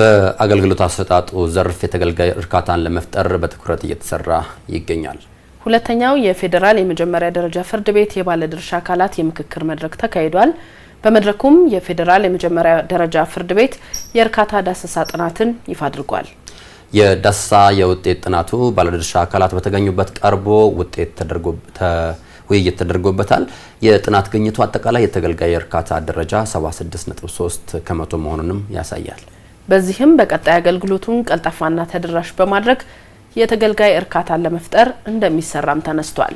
በአገልግሎት አሰጣጡ ዘርፍ የተገልጋይ እርካታን ለመፍጠር በትኩረት እየተሰራ ይገኛል። ሁለተኛው የፌዴራል የመጀመሪያ ደረጃ ፍርድ ቤት የባለድርሻ አካላት የምክክር መድረክ ተካሂዷል። በመድረኩም የፌዴራል የመጀመሪያ ደረጃ ፍርድ ቤት የእርካታ ዳሰሳ ጥናትን ይፋ አድርጓል። የዳሰሳ የውጤት ጥናቱ ባለድርሻ አካላት በተገኙበት ቀርቦ ውጤት ተደርጎ ውይይት ተደርጎበታል። የጥናት ግኝቱ አጠቃላይ የተገልጋይ እርካታ ደረጃ 76.3 ከመቶ መሆኑንም ያሳያል። በዚህም በቀጣይ አገልግሎቱን ቀልጣፋና ተደራሽ በማድረግ የተገልጋይ እርካታን ለመፍጠር እንደሚሰራም ተነስቷል።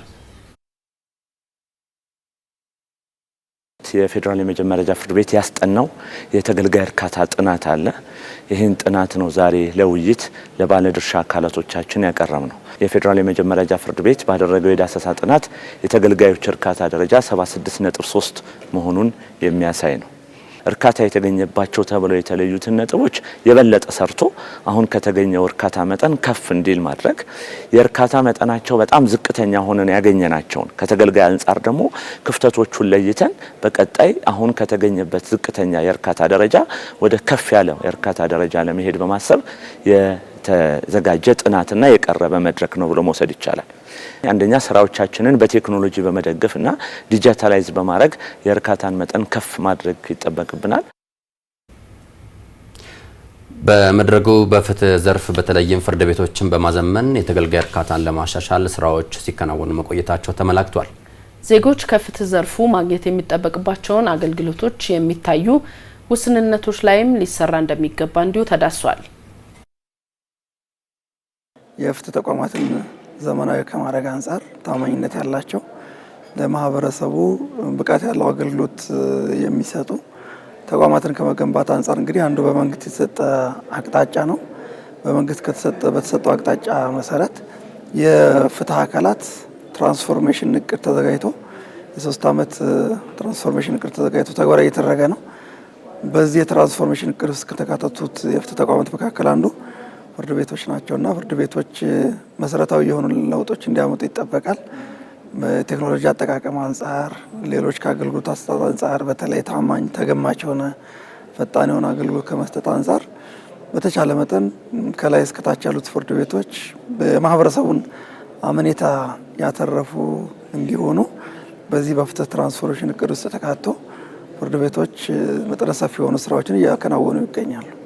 የፌዴራል የመጀመሪያ ደረጃ ፍርድ ቤት ያስጠናው የተገልጋይ እርካታ ጥናት አለ። ይህን ጥናት ነው ዛሬ ለውይይት ለባለድርሻ አካላቶቻችን ያቀረብ ነው። የፌዴራል የመጀመሪያ ደረጃ ፍርድ ቤት ባደረገው የዳሰሳ ጥናት የተገልጋዮች እርካታ ደረጃ 76.3 መሆኑን የሚያሳይ ነው። እርካታ የተገኘባቸው ተብለው የተለዩትን ነጥቦች የበለጠ ሰርቶ አሁን ከተገኘው እርካታ መጠን ከፍ እንዲል ማድረግ የእርካታ መጠናቸው በጣም ዝቅተኛ ሆነን ያገኘናቸውን ከተገልጋይ አንጻር ደግሞ ክፍተቶቹን ለይተን በቀጣይ አሁን ከተገኘበት ዝቅተኛ የእርካታ ደረጃ ወደ ከፍ ያለ የእርካታ ደረጃ ለመሄድ በማሰብ የተዘጋጀ ጥናትና የቀረበ መድረክ ነው ብሎ መውሰድ ይቻላል። አንደኛ ስራዎቻችንን በቴክኖሎጂ በመደገፍ እና ዲጂታላይዝ በማድረግ የእርካታን መጠን ከፍ ማድረግ ይጠበቅብናል። በመድረጉ በፍትህ ዘርፍ በተለይም ፍርድ ቤቶችን በማዘመን የተገልጋይ እርካታን ለማሻሻል ስራዎች ሲከናወኑ መቆየታቸው ተመላክቷል። ዜጎች ከፍትህ ዘርፉ ማግኘት የሚጠበቅባቸውን አገልግሎቶች የሚታዩ ውስንነቶች ላይም ሊሰራ እንደሚገባ እንዲሁ ተዳሷል። የፍትህ ተቋማትን ዘመናዊ ከማድረግ አንጻር ታማኝነት ያላቸው ለማህበረሰቡ ብቃት ያለው አገልግሎት የሚሰጡ ተቋማትን ከመገንባት አንጻር እንግዲህ አንዱ በመንግስት የተሰጠ አቅጣጫ ነው። በመንግስት ከተሰጠ በተሰጠው አቅጣጫ መሰረት የፍትህ አካላት ትራንስፎርሜሽን እቅድ ተዘጋጅቶ የሶስት ዓመት ትራንስፎርሜሽን እቅድ ተዘጋጅቶ ተግባራዊ እየተደረገ ነው። በዚህ የትራንስፎርሜሽን እቅድ ውስጥ ከተካተቱት የፍትህ ተቋማት መካከል አንዱ ፍርድ ቤቶች ናቸውና ፍርድ ቤቶች መሰረታዊ የሆኑ ለውጦች እንዲያመጡ ይጠበቃል። በቴክኖሎጂ አጠቃቀም አንጻር፣ ሌሎች ከአገልግሎት አሰጣጥ አንጻር በተለይ ታማኝ፣ ተገማች የሆነ ፈጣን የሆነ አገልግሎት ከመስጠት አንጻር በተቻለ መጠን ከላይ እስከታች ያሉት ፍርድ ቤቶች የማህበረሰቡን አመኔታ ያተረፉ እንዲሆኑ በዚህ በፍትህ ትራንስፎርሜሽን እቅድ ውስጥ ተካቶ ፍርድ ቤቶች መጠነ ሰፊ የሆኑ ስራዎችን እያከናወኑ ይገኛሉ።